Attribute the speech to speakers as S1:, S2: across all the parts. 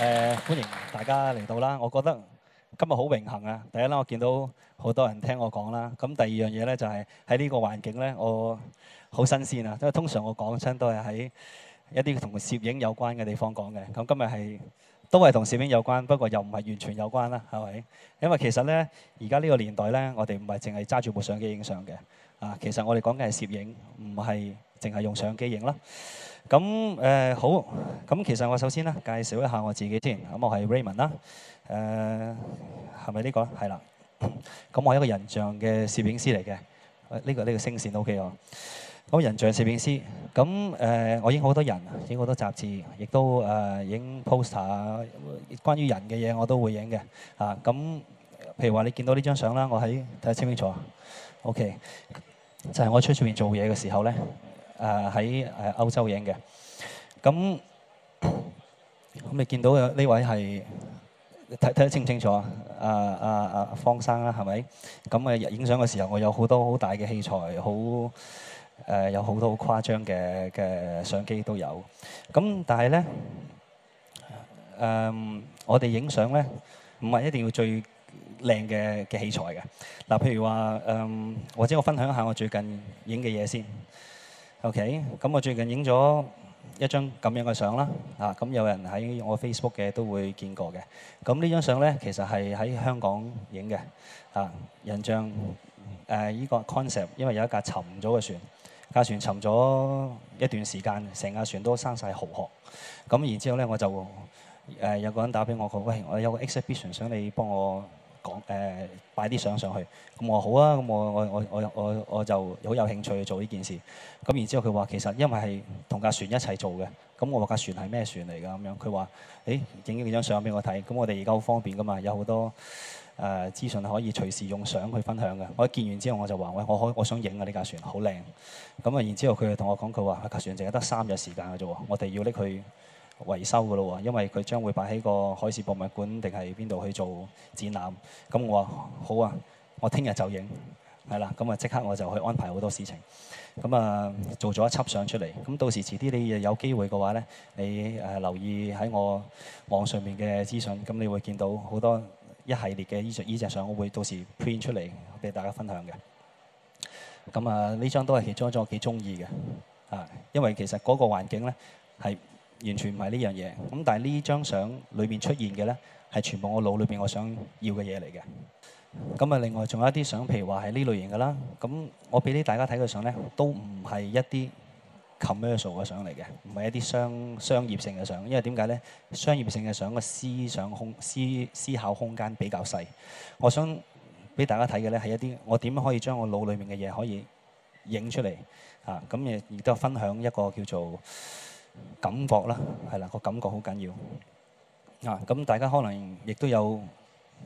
S1: 誒歡迎大家嚟到啦！我覺得今日好榮幸啊！第一啦，我見到好多人聽我講啦。咁第二樣嘢咧，就係喺呢個環境咧，我好新鮮啊！因為通常我講親都係喺一啲同攝影有關嘅地方講嘅。咁今日係都係同攝影有關，不過又唔係完全有關啦，係咪？因為其實咧，而家呢個年代咧，我哋唔係淨係揸住部相機影相嘅啊！其實我哋講緊係攝影，唔係淨係用相機影啦。咁誒好，咁其實我首先咧介紹一下我自己先。咁我係 Raymond 啦，誒係咪呢個？係啦。咁我係一個人像嘅攝影師嚟嘅。誒呢個呢個聲線 OK 喎。咁我人像攝影師。咁誒我影好多人，影好多雜誌，亦都誒影 poster 啊，關於人嘅嘢我都會影嘅。啊咁，譬如話你見到呢張相啦，我喺睇得清唔清楚啊？OK，就係我出面做嘢嘅時候咧。誒喺誒歐洲影嘅。咁咁，你見到呢位係，睇睇得清唔清楚啊？誒誒誒，方生啦，係咪咁誒？影相嘅時候，我有好多好大嘅器材，好誒，有好多好誇張嘅嘅相機都有。咁但係咧，誒我哋影相咧唔係一定要最靚嘅嘅器材嘅嗱。譬如話誒，或者我分享下我最近影嘅嘢先。OK，咁我最近影咗一張咁樣嘅相啦，啊咁有人喺我 Facebook 嘅都會見過嘅。咁呢張相咧，其實係喺香港影嘅啊，印象誒呢個 concept，因為有一架沉咗嘅船架船沉咗一段時間，成架船都生晒蠔殼。咁然之後咧，我就誒、呃、有個人打俾我，佢喂我有個 exhibition 想你幫我。講誒擺啲相上去，咁我好啊，咁我我我我我我就好有興趣去做呢件事。咁然之後佢話其實因為係同架船一齊做嘅，咁我話架船係咩船嚟㗎？咁樣佢話：誒影幾張相俾我睇，咁我哋而家好方便㗎嘛，有好多誒資訊可以隨時用相去分享嘅。我一見完之後我就話：喂，我可我想影啊！呢架船好靚。咁啊，然之後佢就同我講佢話架船淨係得三日時間㗎啫，我哋要拎佢。維修嘅咯，因為佢將會擺喺個海事博物館定係邊度去做展覽。咁我話好啊，我聽日就影係啦。咁啊，即刻我就去安排好多事情。咁啊，做咗一輯相出嚟。咁到時遲啲你又有機會嘅話咧，你誒、呃、留意喺我網上面嘅資訊，咁你會見到好多一系列嘅衣著衣著相，我會到時 print 出嚟俾大家分享嘅。咁啊，呢張都係其中一張我幾鍾意嘅啊，因為其實嗰個環境咧係。完全唔係呢樣嘢，咁但係呢張相裏面出現嘅呢，係全部我腦裏面我想要嘅嘢嚟嘅。咁啊，另外仲有一啲相，譬如話係呢類型嘅啦。咁我俾啲大家睇嘅相呢，都唔係一啲 commercial 嘅相嚟嘅，唔係一啲商商業性嘅相。因為點解呢？商業性嘅相個思想空思思考空間比較細。我想俾大家睇嘅呢，係一啲我點樣可以將我腦裏面嘅嘢可以影出嚟啊！咁亦亦都分享一個叫做～感覺啦，係啦，個感覺好緊要啊！咁大家可能亦都有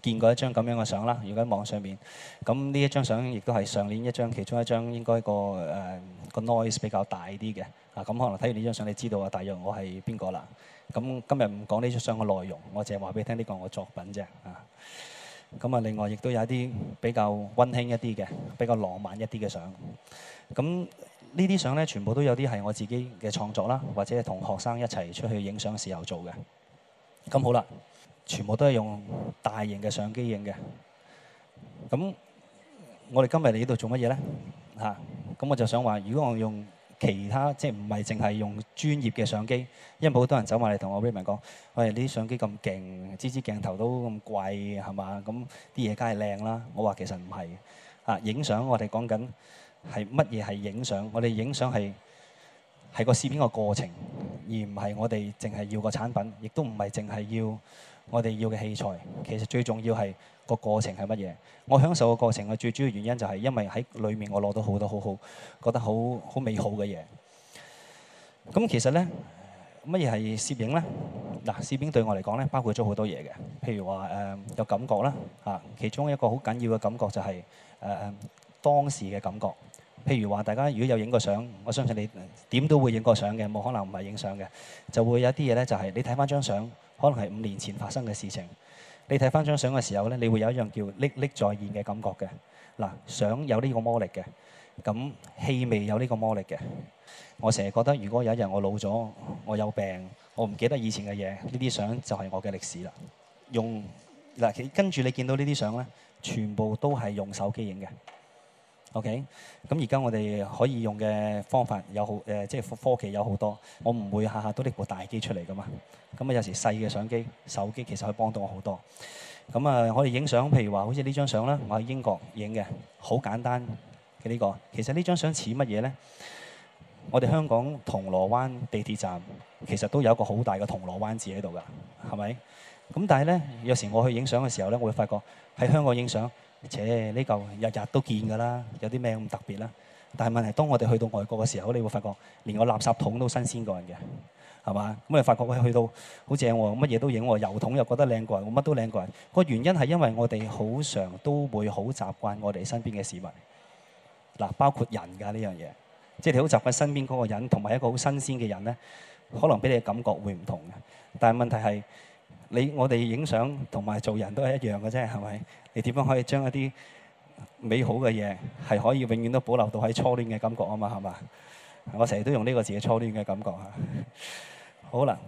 S1: 見過一張咁樣嘅相啦，如果喺網上面，咁呢一張相亦都係上年一張，其中一張應該個誒個 noise 比較大啲嘅啊！咁可能睇完呢張相，你知道啊，大約我係邊個啦？咁今日唔講呢張相嘅內容，我淨係話俾你聽呢個我作品啫啊！咁啊，另外亦都有一啲比較温馨一啲嘅、比較浪漫一啲嘅相咁。呢啲相咧，全部都有啲係我自己嘅創作啦，或者係同學生一齊出去影相嘅時候做嘅。咁好啦，全部都係用大型嘅相機影嘅。咁我哋今日嚟呢度做乜嘢咧？吓、啊，咁我就想話，如果我用其他即係唔係淨係用專業嘅相機，因為好多人走埋嚟同我 Raymond 講，喂，呢啲相機咁勁，支支鏡頭都咁貴，係嘛？咁啲嘢梗係靚啦。我話其實唔係。嚇、啊！影相我哋講緊。係乜嘢係影相？我哋影相係係個攝影嘅過程，而唔係我哋淨係要個產品，亦都唔係淨係要我哋要嘅器材。其實最重要係個過程係乜嘢？我享受個過程嘅最主要原因就係因為喺裏面我攞到好多好好，覺得好好美好嘅嘢。咁其實呢，乜嘢係攝影呢？嗱，攝影對我嚟講呢，包括咗好多嘢嘅，譬如話誒、呃、有感覺啦，嚇、啊，其中一個好緊要嘅感覺就係、是、誒、呃、當時嘅感覺。譬如話，大家如果有影過相，我相信你點都會影過相嘅，冇可能唔係影相嘅，就會有一啲嘢咧，就係你睇翻張相，可能係五年前發生嘅事情。你睇翻張相嘅時候咧，你會有一樣叫歷歷在現嘅感覺嘅。嗱，相有呢個魔力嘅，咁氣味有呢個魔力嘅。我成日覺得，如果有一日我老咗，我有病，我唔記得以前嘅嘢，呢啲相就係我嘅歷史啦。用，嗱，跟住你見到呢啲相咧，全部都係用手機影嘅。OK，咁而家我哋可以用嘅方法有好誒、呃，即係科技有好多。我唔會下下都拎部大機出嚟噶嘛。咁、嗯、啊，有時細嘅相機、手機其實可以幫到我好多。咁、嗯、啊，我哋影相。譬如話，好似呢張相啦，我喺英國影嘅，好簡單嘅呢、這個。其實張呢張相似乜嘢咧？我哋香港銅鑼灣地鐵站其實都有一個好大嘅銅鑼灣字喺度噶，係咪？咁但係咧，有時我去影相嘅時候咧，我會發覺喺香港影相。而且呢嚿日日都見㗎啦，有啲咩咁特別啦。但係問題當我哋去到外國嘅時候，你會發覺連個垃圾桶都新鮮過人嘅，係嘛？咁你發覺喂，去到好正喎，乜嘢都影喎，油桶又覺得靚過人，乜都靚過人。個原因係因為我哋好常都會好習慣我哋身邊嘅市民，嗱，包括人㗎呢樣嘢，即係你好習慣身邊嗰個人，同埋一個好新鮮嘅人咧，可能俾你嘅感覺會唔同嘅。但係問題係。你我哋影相同埋做人都係一樣嘅啫，係咪？你點樣可以將一啲美好嘅嘢係可以永遠都保留到喺初戀嘅感覺啊嘛？係嘛？我成日都用呢個字，初戀嘅感覺啊！ 好啦，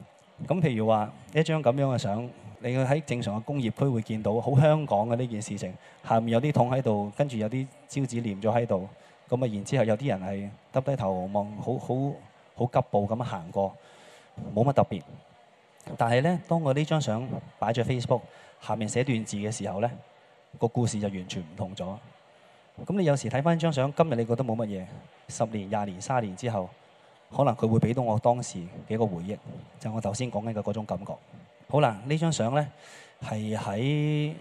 S1: 咁譬如話一張咁樣嘅相，你會喺正常嘅工業區會見到，好香港嘅呢件事情。下面有啲桶喺度，跟住有啲招紙黏咗喺度。咁啊，然之後有啲人係耷低頭望，好好好急步咁行過，冇乜特別。但係咧，當我呢張相擺咗 Facebook 下面寫段字嘅時候咧，個故事就完全唔同咗。咁你有時睇翻張相，今日你覺得冇乜嘢，十年、廿年、三十年之後，可能佢會俾到我當時幾個回憶，就係，我頭先講緊嘅嗰種感覺。好啦，張呢張相咧係喺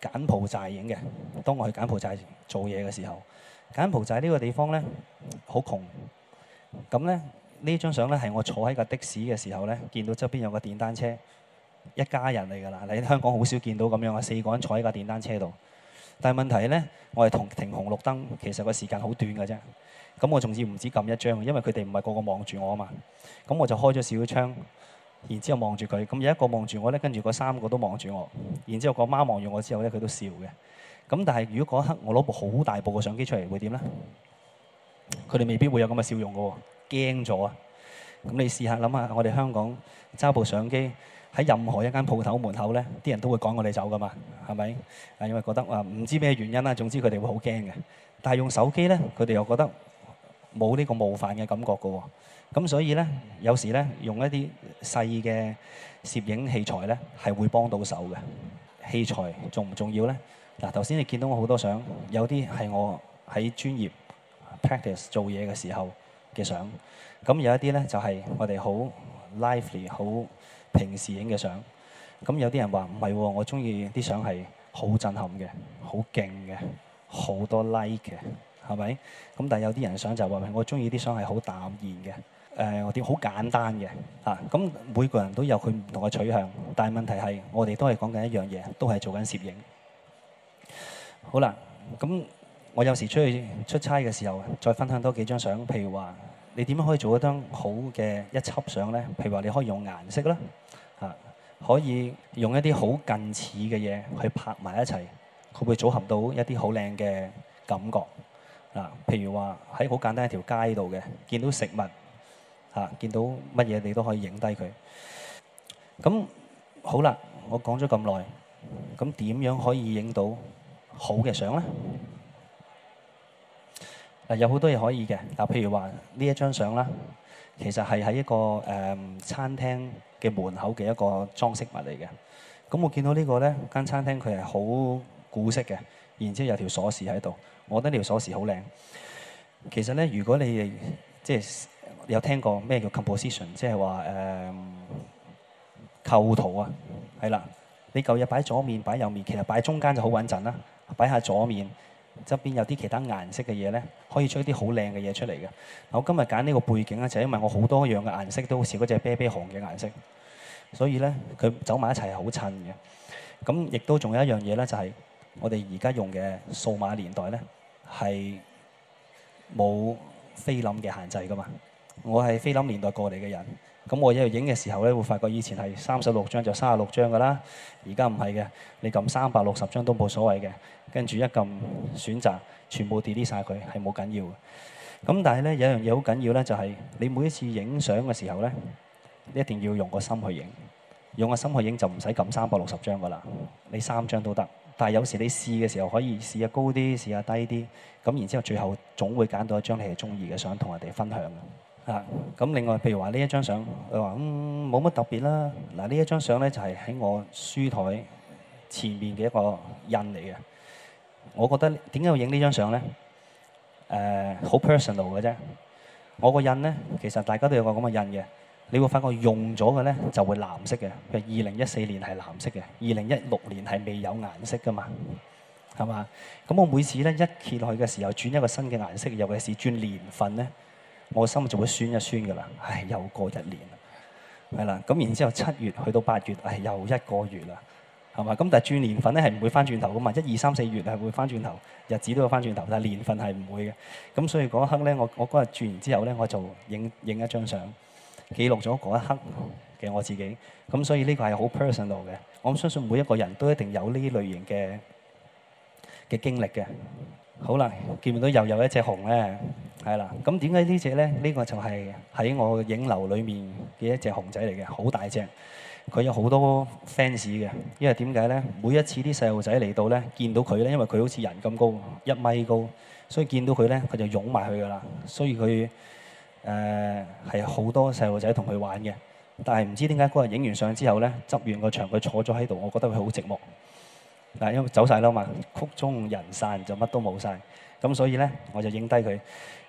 S1: 柬埔寨影嘅。當我去柬埔寨做嘢嘅時候，柬埔寨呢個地方咧好窮，咁咧。呢張相咧係我坐喺架的士嘅時候咧，見到側邊有個電單車，一家人嚟㗎啦。你喺香港好少見到咁樣啊，四個人坐喺架電單車度。但係問題咧，我係同停紅綠燈，其實個時間好短㗎啫。咁我仲至唔止撳一張，因為佢哋唔係個個望住我啊嘛。咁我就開咗少少窗，然之後望住佢。咁有一個望住我咧，跟住嗰三個都望住我。然之後個媽望住我之後咧，佢都笑嘅。咁但係如果嗰一刻我攞部好大部嘅相機出嚟，會點咧？佢哋未必會有咁嘅笑容㗎喎。驚咗啊，咁你試下諗下，我哋香港揸部相機喺任何一間鋪頭門口呢，啲人都會趕我哋走噶嘛，係咪？係因為覺得啊，唔知咩原因啦。總之佢哋會好驚嘅。但係用手機呢，佢哋又覺得冇呢個冒犯嘅感覺噶喎。咁所以呢，有時呢，用一啲細嘅攝影器材呢，係會幫到手嘅。器材重唔重要呢？嗱，頭先你見到我好多相，有啲係我喺專業 practice 做嘢嘅時候嘅相，咁有一啲咧就係、是、我哋好 lively，好平時影嘅相。咁有啲人話唔係，我中意啲相係好震撼嘅，好勁嘅，好多 like 嘅，係咪？咁但係有啲人相就話我中意啲相係好淡然嘅，誒點好簡單嘅嚇。咁、啊、每個人都有佢唔同嘅取向，但係問題係我哋都係講緊一樣嘢，都係做緊攝影。好啦，咁。我有時出去出差嘅時候，再分享多幾張相。譬如話，你點樣可以做一張好嘅一輯相呢？譬如話，你可以用顏色啦，啊，可以用一啲好近似嘅嘢去拍埋一齊，會唔會組合到一啲好靚嘅感覺，啊，譬如話喺好簡單一條街度嘅，見到食物，啊，見到乜嘢你都可以影低佢。咁好啦，我講咗咁耐，咁點樣可以影到好嘅相呢？有好多嘢可以嘅，嗱，譬如話呢一張相啦，其實係喺一個誒、嗯、餐廳嘅門口嘅一個裝飾物嚟嘅。咁、嗯、我見到個呢個咧，間餐廳佢係好古色嘅，然之後有條鎖匙喺度，我覺得條鎖匙好靚。其實咧，如果你哋即係有聽過咩叫 composition，即係話誒構圖啊，係啦，你夠日擺左面，擺右面，其實擺中間就好穩陣啦，擺下左面。側邊有啲其他顏色嘅嘢咧，可以出一啲好靚嘅嘢出嚟嘅。嗱，我今日揀呢個背景咧，就係因為我好多樣嘅顏色都好似嗰隻啤啤熊嘅顏色，所以咧佢走埋一齊係好襯嘅。咁亦都仲有一樣嘢咧，就係我哋而家用嘅數碼年代咧，係冇菲林嘅限制㗎嘛。我係菲林年代過嚟嘅人。咁我一路影嘅時候咧，會發覺以前係三十六張就三十六張噶啦，而家唔係嘅，你撳三百六十張都冇所謂嘅，跟住一撳選擇，全部 delete 晒佢係冇緊要嘅。咁但係咧，有一樣嘢好緊要咧，就係，就係你每一次影相嘅時候咧，你一定要用個心去影，用個心去影就唔使撳三百六十張噶啦，你三張都得。但係有時你試嘅時候可以試下高啲，試下低啲，咁然之後最後總會揀到一張你係中意嘅相同人哋分享。啊，咁另外，譬如話呢一張相，佢話嗯，冇乜特別啦。嗱，呢一張相咧就係喺我書台前面嘅一個印嚟嘅。我覺得點解要影呢張相咧？誒，好 personal 嘅啫。我個印咧，其實大家都有個咁嘅印嘅。你會發覺用咗嘅咧就會藍色嘅。譬如二零一四年係藍色嘅，二零一六年係未有顏色噶嘛，係嘛？咁我每次咧一揭落去嘅時候，轉一個新嘅顏色，尤其是轉年份咧。我心就會酸一酸㗎喇，唉，又過一年喇，係啦，咁然之後七月去到八月，唉，又一個月啦，係嘛？咁但係轉年份咧係唔會返轉頭㗎嘛，一二三四月係會返轉頭，日子都會返轉頭，但係年份係唔會嘅。咁所以嗰一刻咧，我我嗰日轉完之後咧，我就影一張相，記錄咗嗰一刻嘅我自己。咁所以呢個係好 personal 嘅，我相信每一個人都一定有呢類型嘅嘅經歷嘅。好啦，見唔到又有一隻熊咧，係啦。咁點解呢隻咧？呢個就係喺我影樓裏面嘅一隻熊仔嚟嘅，好大隻。佢有好多 fans 嘅，因為點解咧？每一次啲細路仔嚟到咧，見到佢咧，因為佢好似人咁高，一米高，所以見到佢咧，佢就擁埋佢噶啦。所以佢誒係好多細路仔同佢玩嘅。但係唔知點解嗰日影完相之後咧，執完個場，佢坐咗喺度，我覺得佢好寂寞。嗱，因為走曬啦嘛，曲終人散就乜都冇曬，咁所以呢，我就影低佢。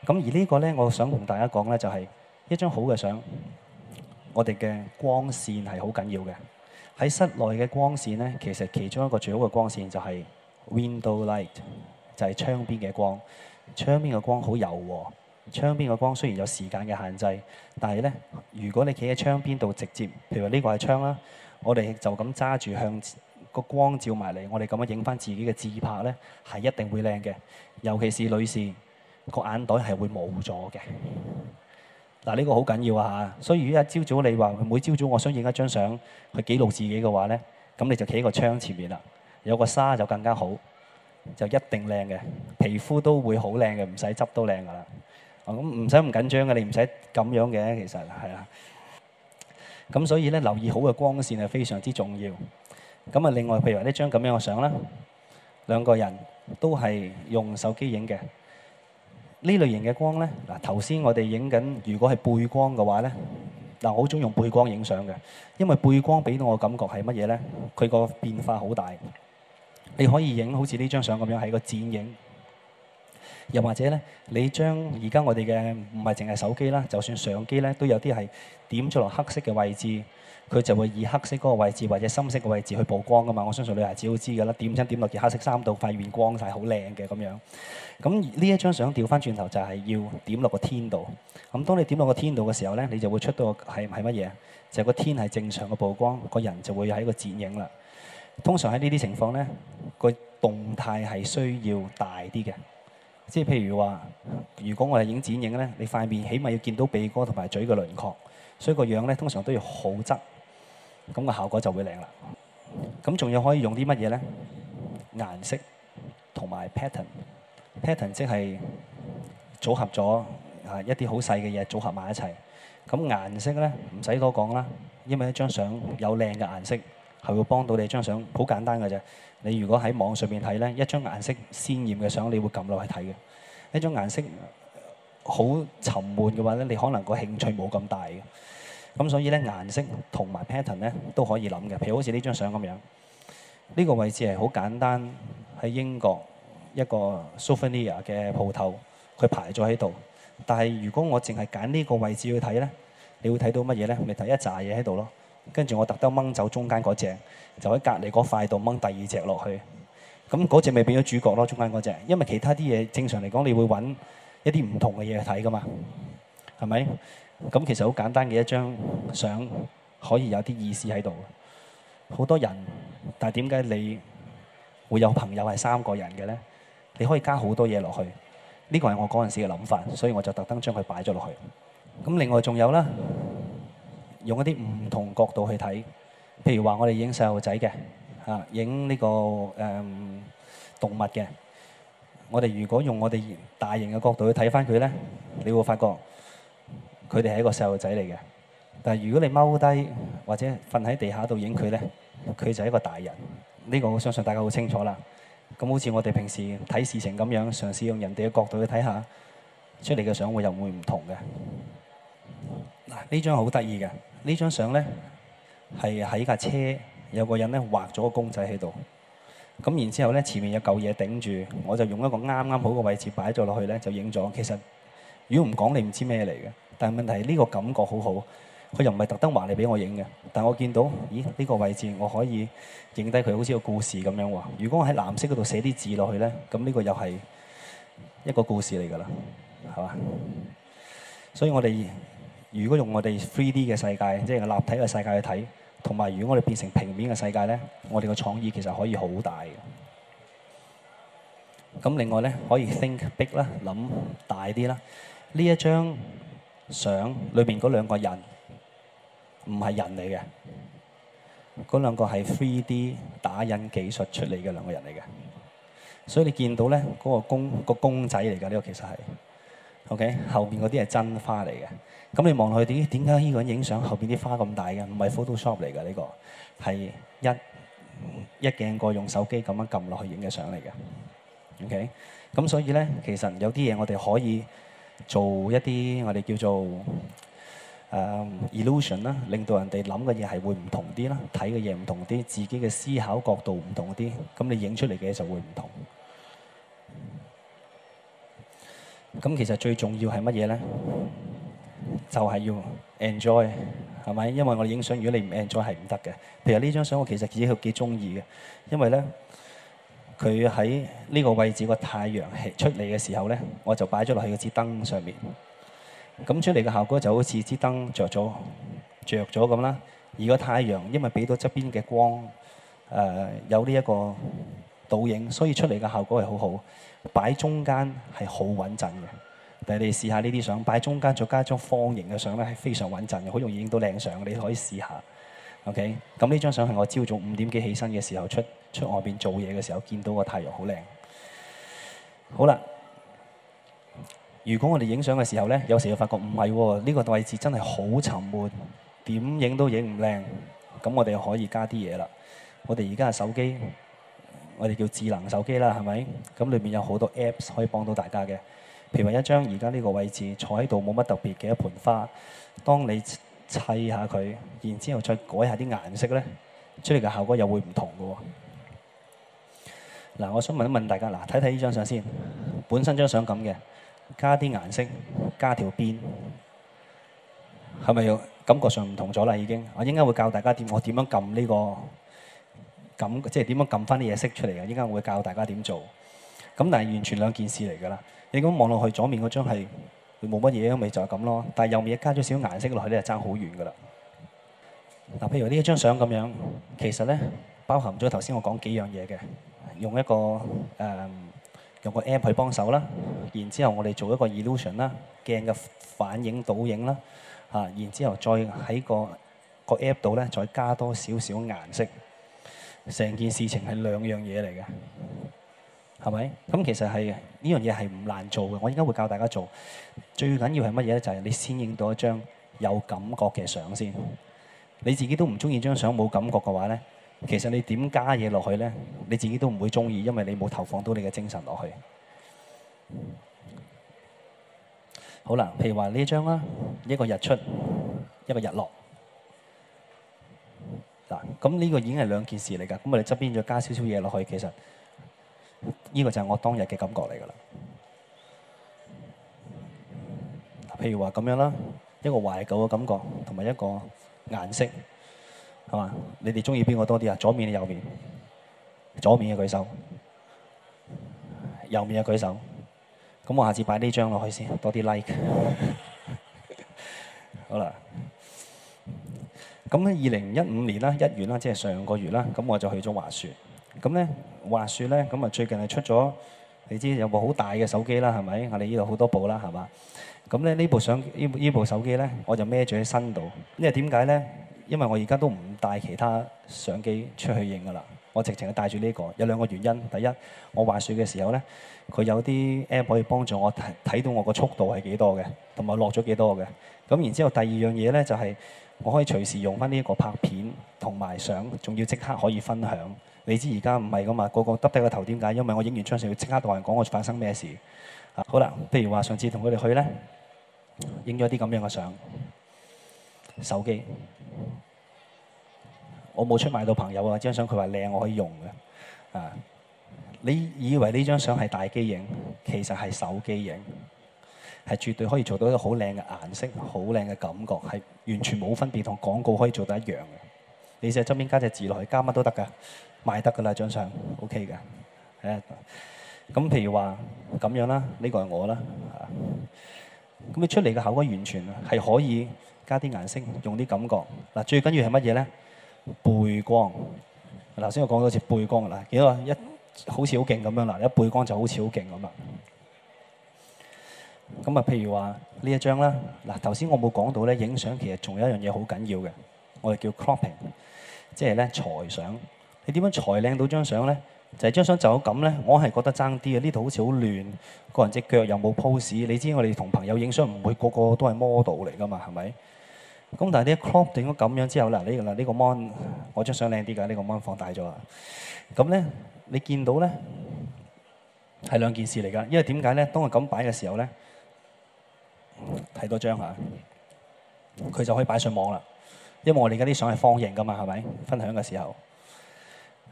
S1: 咁而呢個呢，我想同大家講咧，就係一張好嘅相，我哋嘅光線係好緊要嘅。喺室內嘅光線呢，其實其中一個最好嘅光線就係 window light，就係窗邊嘅光。窗邊嘅光好柔和，窗邊嘅光雖然有時間嘅限制，但係呢，如果你企喺窗邊度直接，譬如呢個係窗啦，我哋就咁揸住向前。個光照埋嚟，我哋咁樣影翻自己嘅自拍呢，係一定會靚嘅。尤其是女士，個眼袋係會冇咗嘅。嗱，呢個好緊要啊！所以如果一朝早你話每朝早我想影一張相去記錄自己嘅話呢，咁你就企喺個窗前面啦。有個沙就更加好，就一定靚嘅，皮膚都會好靚嘅，唔使執都靚噶啦。咁唔使唔緊張嘅，你唔使咁樣嘅，其實係啊。咁所以呢，留意好嘅光線係非常之重要。咁啊，另外譬如話呢張咁樣嘅相啦，兩個人都係用手機影嘅。呢類型嘅光呢，嗱，頭先我哋影緊，如果係背光嘅話呢，嗱，我好鍾意用背光影相嘅，因為背光俾到我的感覺係乜嘢呢？佢個變化好大，你可以影好似呢張相咁樣係個剪影，又或者呢，你將而家我哋嘅唔係淨係手機啦，就算相機呢，都有啲係點咗落黑色嘅位置。佢就會以黑色嗰個位置或者深色嘅位置去曝光噶嘛，我相信女孩子都知嘅啦，點親點落件黑色衫度，塊面光晒，好靚嘅咁樣。咁呢一張相調翻轉頭就係要點落個天度。咁當你點落個天度嘅時候咧，你就會出到係係乜嘢？就係個天係正常嘅曝光，個人就會係一個剪影啦。通常喺呢啲情況咧，個動態係需要大啲嘅。即係譬如話，如果我係影剪影咧，你塊面起碼要見到鼻哥同埋嘴嘅輪廓，所以個樣咧通常都要好側。咁個效果就會靚啦。咁仲有可以用啲乜嘢呢？顏色同埋 pattern，pattern 即係組合咗啊一啲好細嘅嘢組合埋一齊。咁顏色呢，唔使多講啦，因為一張相有靚嘅顏色係會幫到你張。張相好簡單嘅啫。你如果喺網上面睇呢，一張顏色鮮豔嘅相，你會撳落去睇嘅。一張顏色好沉悶嘅話呢，你可能個興趣冇咁大嘅。咁、嗯、所以咧，顏色同埋 pattern 咧都可以諗嘅。譬如好似呢張相咁樣，呢、這個位置係好簡單，喺英國一個 souvenir 嘅鋪頭，佢排咗喺度。但係如果我淨係揀呢個位置去睇咧，你會睇到乜嘢咧？咪睇一紮嘢喺度咯。跟住我特登掹走中間嗰隻，就喺隔離嗰塊度掹第二隻落去。咁嗰隻咪變咗主角咯，中間嗰隻。因為其他啲嘢正常嚟講，你會揾一啲唔同嘅嘢去睇㗎嘛，係咪？咁其實好簡單嘅一張相可以有啲意思喺度。好多人，但係點解你會有朋友係三個人嘅咧？你可以加好多嘢落去。呢個係我嗰陣時嘅諗法，所以我就特登將佢擺咗落去。咁另外仲有啦，用一啲唔同角度去睇，譬如話我哋影細路仔嘅，吓，影呢個誒、嗯、動物嘅。我哋如果用我哋大型嘅角度去睇返佢咧，你會發覺。佢哋係一個細路仔嚟嘅，但係如果你踎低或者瞓喺地下度影佢咧，佢就係一個大人。呢個我相信大家好清楚啦。咁好似我哋平時睇事情咁樣，嘗試用人哋嘅角度去睇下出嚟嘅相會又會唔同嘅。嗱，呢張好得意嘅，呢張相咧係喺架車有個人咧畫咗個公仔喺度，咁然之後咧前面有嚿嘢頂住，我就用一個啱啱好嘅位置擺咗落去咧就影咗。其實如果唔講你唔知咩嚟嘅。但問題呢個感覺好好，佢又唔係特登畫嚟俾我影嘅。但我見到咦，呢個位置我可以影低佢，好似個故事咁樣喎。如果我喺藍色嗰度寫啲字落去呢，咁呢個又係一個故事嚟㗎啦，係嘛？所以我哋如果用我哋 3D 嘅世界，即係立體嘅世界去睇，同埋如果我哋變成平面嘅世界呢，我哋個創意其實可以好大嘅。咁另外呢，可以 think big 啦，諗大啲啦。呢一張。相裏邊嗰兩個人唔係人嚟嘅，嗰兩個係 3D 打印技術出嚟嘅兩個人嚟嘅，所以你見到咧，嗰、嗰個公、嗰個公仔嚟㗎，呢個其實係，OK，後邊嗰啲係真花嚟嘅，咁你望落去點？點解呢個人影相後邊啲花咁大嘅？唔係 Photoshop 嚟嘅，呢個係一一鏡過用手機咁樣撳落去影嘅相嚟嘅，OK，咁所以咧其實有啲嘢我哋可以。做一啲我哋叫做誒 illusion 啦，令到人哋諗嘅嘢係會唔同啲啦，睇嘅嘢唔同啲，自己嘅思考角度唔同啲，咁你影出嚟嘅嘢就會唔同。咁其實最重要係乜嘢咧？就係要 enjoy，係咪？因為我哋影相，如果你唔 enjoy 係唔得嘅。譬如呢張相我其實自己都幾中意嘅，因為咧。佢喺呢個位置個太陽出嚟嘅時候呢，我就擺咗落去個支燈上面。咁出嚟嘅效果就好似支燈著咗、著咗咁啦。而個太陽因為俾到側邊嘅光、呃、有呢一個倒影，所以出嚟嘅效果係好好。擺中間係好穩陣嘅，但係你試下呢啲相，擺中間再加一張方形嘅相呢，係非常穩陣嘅，好容易影到靚相。你可以試一下。OK，咁呢張相係我朝早五點幾起身嘅時候，出出外邊做嘢嘅時候，見到個太陽好靚。好啦，如果我哋影相嘅時候咧，有時會發覺唔係喎，呢個位置真係好沉悶，點影都影唔靚。咁我哋可以加啲嘢啦。我哋而家係手機，我哋叫智能手機啦，係咪？咁裏面有好多 Apps 可以幫到大家嘅。譬如話一張而家呢個位置坐喺度冇乜特別嘅一盆花，當你。砌下佢，然之後再改下啲顏色咧，出嚟嘅效果又會唔同嘅喎。嗱，我想問一問大家，嗱，睇睇呢張相先，本身張相咁嘅，加啲顏色，加條邊，係咪用感覺上唔同咗啦？已經，我應該會教大家點我點樣撳呢個撳，即係點樣撳翻啲嘢色出嚟嘅。應該會教大家點做。咁但係完全兩件事嚟㗎啦。你咁望落去左面嗰張係。佢冇乜嘢，咪就係咁咯。但係右面加咗少少顏色落去咧，就爭好遠噶啦。嗱，譬如呢一張相咁樣，其實咧包含咗頭先我講幾樣嘢嘅，用一個誒、呃、用個 app 去幫手啦。然之後我哋做一個 illusion 啦，鏡嘅反影倒影啦。啊，然之後再喺個個 app 度咧，再加多少少顏色。成件事情係兩樣嘢嚟嘅。係咪？咁其實係呢樣嘢係唔難做嘅。我應該會教大家做。最緊要係乜嘢咧？就係你先影到一張有感覺嘅相先。你自己都唔中意張相冇感覺嘅話咧，其實你點加嘢落去咧，你自己都唔會中意，因為你冇投放到你嘅精神落去。好啦，譬如話呢張啦，一個日出，一個日落。嗱，咁呢個已經係兩件事嚟㗎。咁我哋側邊再加少少嘢落去，其實。呢個就係我當日嘅感覺嚟㗎啦。譬如話咁樣啦，一個懷舊嘅感覺同埋一個顏色，係嘛？你哋中意邊個多啲啊？左面嘅、右面嘅？左面嘅舉手，右面嘅舉手。咁我下次擺呢張落去先，多啲 like。好啦。咁咧，二零一五年啦，一月啦，即係上個月啦，咁我就去咗滑雪。咁咧滑雪咧，咁啊最近係出咗你知有部好大嘅手機啦，係咪？我哋呢度好多部啦，係嘛？咁咧呢部相呢呢部，部手機咧，我就孭住喺身度。因為點解咧？因為我而家都唔帶其他相機出去影噶啦。我直情係帶住呢、呢個，有兩個原因。第一，我滑雪嘅時候咧，佢有啲 app 可以幫助我睇到我個速度係幾多嘅，同埋落咗幾多嘅。咁然之後，第二樣嘢咧就係、係、我可以隨時用翻呢一個拍片同埋相，仲要即刻可以分享。你知而家唔係噶嘛？個個耷低個頭，點解？因為我影完張相，要即刻同人講我發生咩事啊！好啦，譬如話上次同佢哋去咧，影咗啲咁樣嘅相，手機我冇出賣到朋友啊！張相佢話靚，我可以用嘅啊。你以為呢張相係大機影，其實係手機影，係絕對可以做到一個好靚嘅顏色、好靚嘅感覺，係完全冇分別，同廣告可以做得一樣嘅。你只係側邊加隻字落去，加乜都得㗎。賣得㗎喇，張相 OK 嘅。誒，咁譬如話咁樣啦，呢個係我啦。咁你出嚟嘅效果完全係可以加啲顏色，用啲感覺。嗱，最緊要係乜嘢咧？背光。頭先我講咗次背光啦，見到一好似好勁咁樣啦，一背光就好似好勁咁啊。咁啊，譬如話呢一張啦。嗱，頭先我冇講到咧，影相其實仲有一樣嘢好緊要嘅，我哋叫 cropping，即係咧裁相。你點樣裁靚到張相呢？就係、是、張相就咁咧，我係覺得爭啲嘅。呢度好似好亂，個人隻腳又冇 pose。你知道我哋同朋友影相唔會個個都係 model 嚟㗎嘛？係咪？咁但係你 crop 定咗咁樣之後啦，呢、呢個啦呢、呢個 mon，我張相靚啲㗎。呢個 mon 放大咗啦。咁咧，你見到呢？係兩件事嚟㗎。因為點解咧？當我咁擺嘅時候呢，睇多張嚇，佢就可以擺上網啦。因為我哋而家啲相係方形㗎嘛，係咪？分享嘅時候。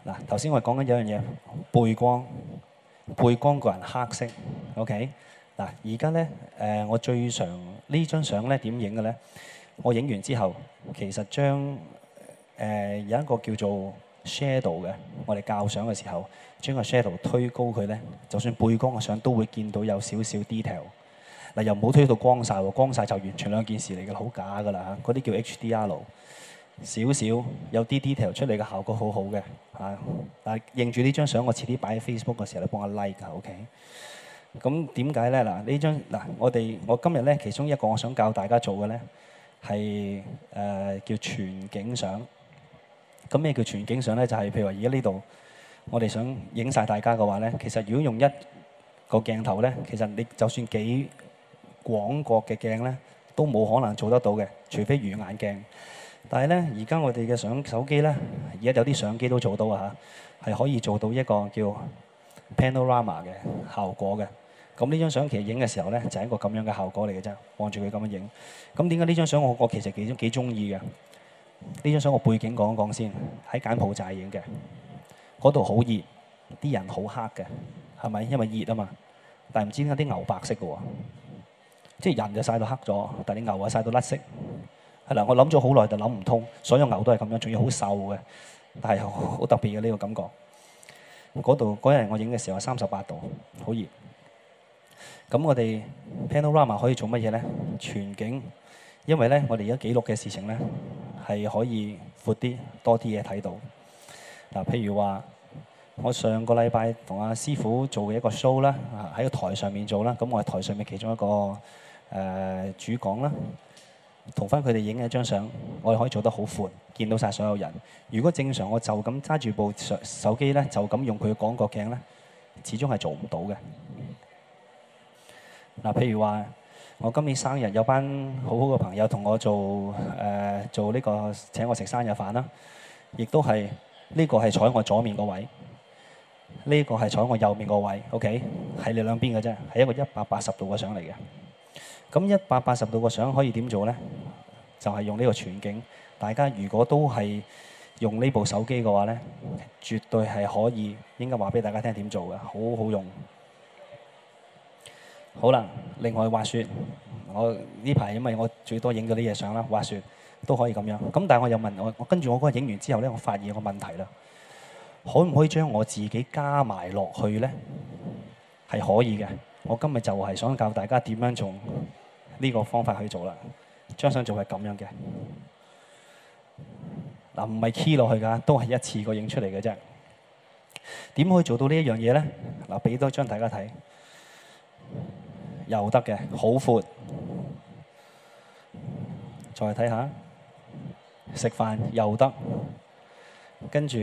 S1: 嗱，頭先我哋講緊有樣嘢，背光，背光個人黑色，OK。嗱、呃，而家咧，誒我最常呢張相咧點影嘅咧？我影完之後，其實將誒、呃、有一個叫做 shadow 嘅，我哋較相嘅時候，將個 shadow 推高佢咧，就算背光嘅相都會見到有少少 detail、呃。嗱，又唔好推到光晒喎，光晒就完全兩件事嚟嘅，好假㗎啦嚇，嗰、啊、啲叫 HDR。少少有啲 detail 出嚟嘅效果好，好好嘅吓。但係認住呢張相，我遲啲擺喺 Facebook 嘅時候，你幫我 like，OK？Okay? 噶。咁點解咧？嗱，呢張嗱，我哋我今日咧，其中一個我想教大家做嘅咧，係誒、呃、叫全景相。咁咩叫全景相咧？就係、是、譬如話，而家呢度我哋想影晒大家嘅話咧，其實如果用一個鏡頭咧，其實你就算幾廣角嘅鏡咧，都冇可能做得到嘅，除非魚眼鏡。但係咧，而家我哋嘅相手機咧，而家有啲相機都做到啊嚇，係可以做到一個叫 Panorama 嘅效果嘅。咁呢張相其實影嘅時候咧，就係一個咁樣嘅效果嚟嘅啫。望住佢咁樣影。咁點解呢張相我我其實幾幾中意嘅？呢張相我背景講一講先。喺柬埔寨影嘅，嗰度好熱，啲人好黑嘅，係咪？因為熱啊嘛。但係唔知點解啲牛白色嘅喎，即係人就晒到黑咗，但係啲牛啊晒到甩色。係啦，我諗咗好耐，就諗唔通。所有牛都係咁樣，仲要好瘦嘅，但係好特別嘅呢、呢個感覺。嗰度嗰日我影嘅時候係三十八度，好熱。咁我哋 Panorama 可以做乜嘢呢？全景，因為呢，我哋而家記錄嘅事情呢，係可以闊啲，多啲嘢睇到。嗱，譬如話，我上個禮拜同阿師傅做嘅一個 show 啦，喺個台上面做啦，咁我係台上面其中一個誒、呃、主講啦。同翻佢哋影一張相，我哋可以做得好闊，見到晒所有人。如果正常，我就咁揸住部手手機咧，就咁用佢嘅廣角鏡咧，始終係做唔到嘅。嗱、啊，譬如話，我今年生日有班好好嘅朋友同我做誒、呃、做呢、呢個請我食生日飯啦，亦、啊、都係呢、呢個係坐喺我左面個位，呢、呢個係坐喺我右面個位，OK，喺你兩邊嘅啫，係一個一百八十度嘅相嚟嘅。咁一百八十度個相可以點做呢？就係用呢個全景。大家如果都係用呢部手機嘅話呢，絕對係可以。應該話俾大家聽點做嘅，好好用。好啦，另外滑雪。我呢排因為我最多影咗啲嘢相啦，滑雪都可以咁樣。咁但係我又問我，跟住我嗰日影完之後呢，我發現有個問題啦。可唔可以將我自己加埋落去呢？係可以嘅。我今日就係想教大家點樣做。呢個方法去做啦，張相做係咁樣嘅。嗱，唔係 key 落去噶，都係一次過影出嚟嘅啫。點可以做到呢一樣嘢咧？嗱，俾多張大家睇，又得嘅，好闊。再睇下食飯又得，跟住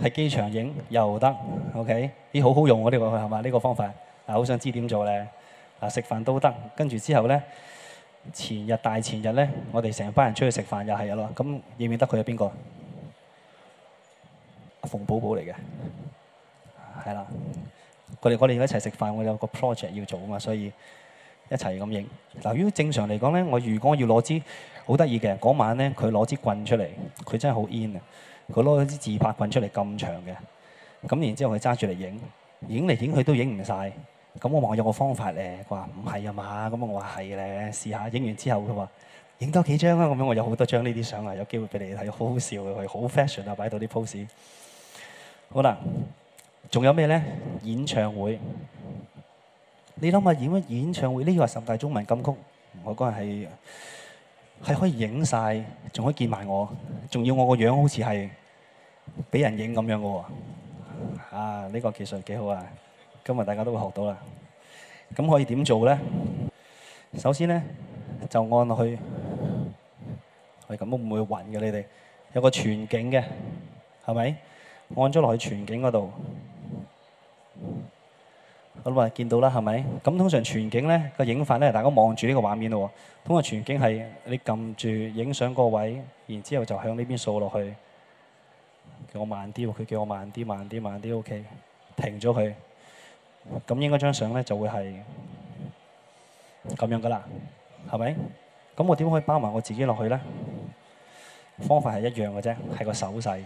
S1: 喺機場影又得。OK，啲好好用嘅呢個，係嘛？呢個方法啊，好想知點做咧。啊！食飯都得，跟住之後咧，前日大前日咧，我哋成班人出去食飯又係啊咯。咁認唔認得？佢係邊個？阿馮寶寶嚟嘅，係啦。佢哋我哋一齊食飯，我有個 project 要做啊嘛，所以一齊咁影。嗱，如果正常嚟講咧，我如果要攞支好得意嘅，嗰、那個、晚咧佢攞支棍出嚟，佢真係好 in 啊！佢攞咗支自拍棍出嚟，咁長嘅，咁然之後佢揸住嚟影，影嚟影去都影唔晒。咁我話有個方法咧，佢話唔係啊嘛，咁我話係咧，試下影完之後佢話影多幾張啊，咁我有好多張呢啲相啊，有機會俾你睇，好好笑嘅，好 fashion 啊，擺到啲 pose。好啦，仲有咩呢？演唱會，你諗下演一演唱會，呢個係十大中文金曲，我嗰日係可以影晒，仲可以見埋我，仲要我個樣好似係俾人影咁樣喎。啊，呢個技術幾好啊！今日大家都會學到啦。咁可以點做咧？首先咧就按落去，係咁都唔會暈嘅你哋。有個全景嘅係咪？按咗落去全景嗰度，好啦見到啦係咪？咁通常全景咧個影法咧，大家望住呢個畫面咯喎。通過全景係你撳住影相嗰個位，然之後就向呢邊掃落去。叫我慢啲喎，佢叫我慢啲，慢啲，慢啲，OK，停咗佢。咁應該張相咧就會係咁樣噶啦，係咪？咁我點可以包埋我自己落去咧？方法係一樣嘅啫，係個手勢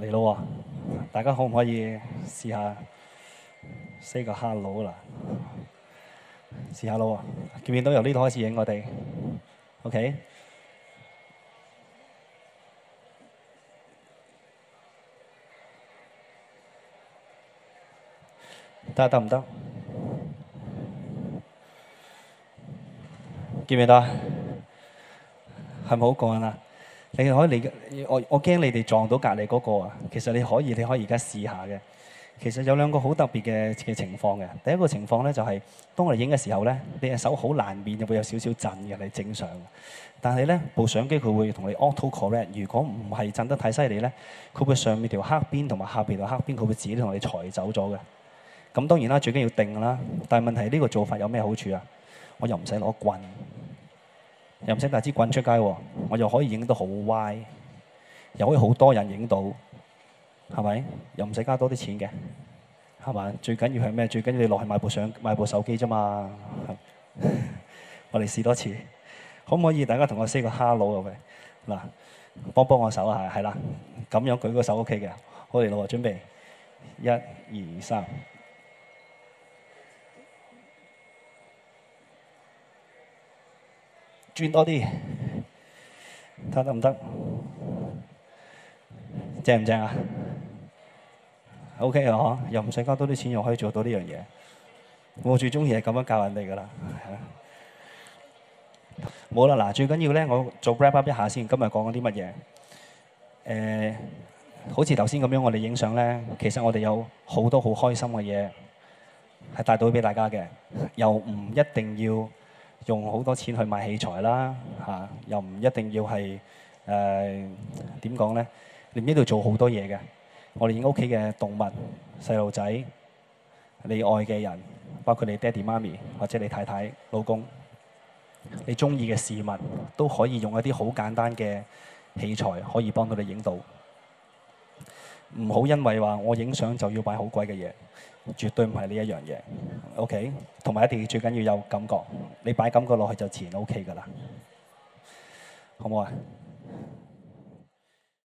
S1: 嚟咯喎！大家可唔可以試下 say 個 hello 啦？試下咯喎！見唔見到由呢度開始影我哋？OK。得得唔得？見唔見到啊？係咪好過癮啊？你可嚟，我我驚你哋撞到隔離嗰個啊。其實你可以，你可以而家試下嘅。其實有兩個好特別嘅嘅情況嘅。第一個情況咧就係當我哋影嘅時候咧，你隻手好難免就會有少少震嘅，係正常。但係咧，部相機佢會同你 auto correct。Cor rect，如果唔係震得太犀利咧，佢會上面條黑邊同埋下邊條黑邊，佢會自己同你裁走咗嘅。咁當然啦，最緊要定㗎啦。但係問題呢個做法有咩好處啊？我又唔使攞棍，又唔使帶支棍出街，我又可以影到好歪，又可以好多人影到，係咪？又唔使加多啲錢嘅，係嘛？最緊要係咩？最緊要你落去買部相，買部手機啫嘛。 我哋試多次，可唔可以？大家同我 say 個 hello 啊喂，嗱，幫幫我手啊，係啦，咁樣舉個手 OK 嘅。我哋老實準備，一二三。轉多啲，睇得唔得？正唔正啊？OK 咯、啊，又唔使交多啲錢，又可以做到呢樣嘢。我最中意係咁樣教人哋㗎啦。冇、啊、啦，嗱，最緊要咧，我做 wrap up 一下先。今日講咗啲乜嘢？誒、呃，好似頭先咁樣，我哋影相咧，其實我哋有好多好開心嘅嘢，係帶到俾大家嘅，又唔一定要，.用好多錢去買器材啦，嚇、啊、又唔一定要係誒點講呢？你呢度做好多嘢嘅。我哋影屋企嘅動物、細路仔、你愛嘅人，包括你爹哋媽咪或者你太太、老公，你中意嘅事物都可以用一啲好簡單嘅器材可以幫到你影到。唔好因為話我影相就要擺好貴嘅嘢。絕對唔係呢一樣嘢，OK？同埋一定要最緊要有感覺，你擺感覺落去就自然 OK 㗎啦，好唔好啊？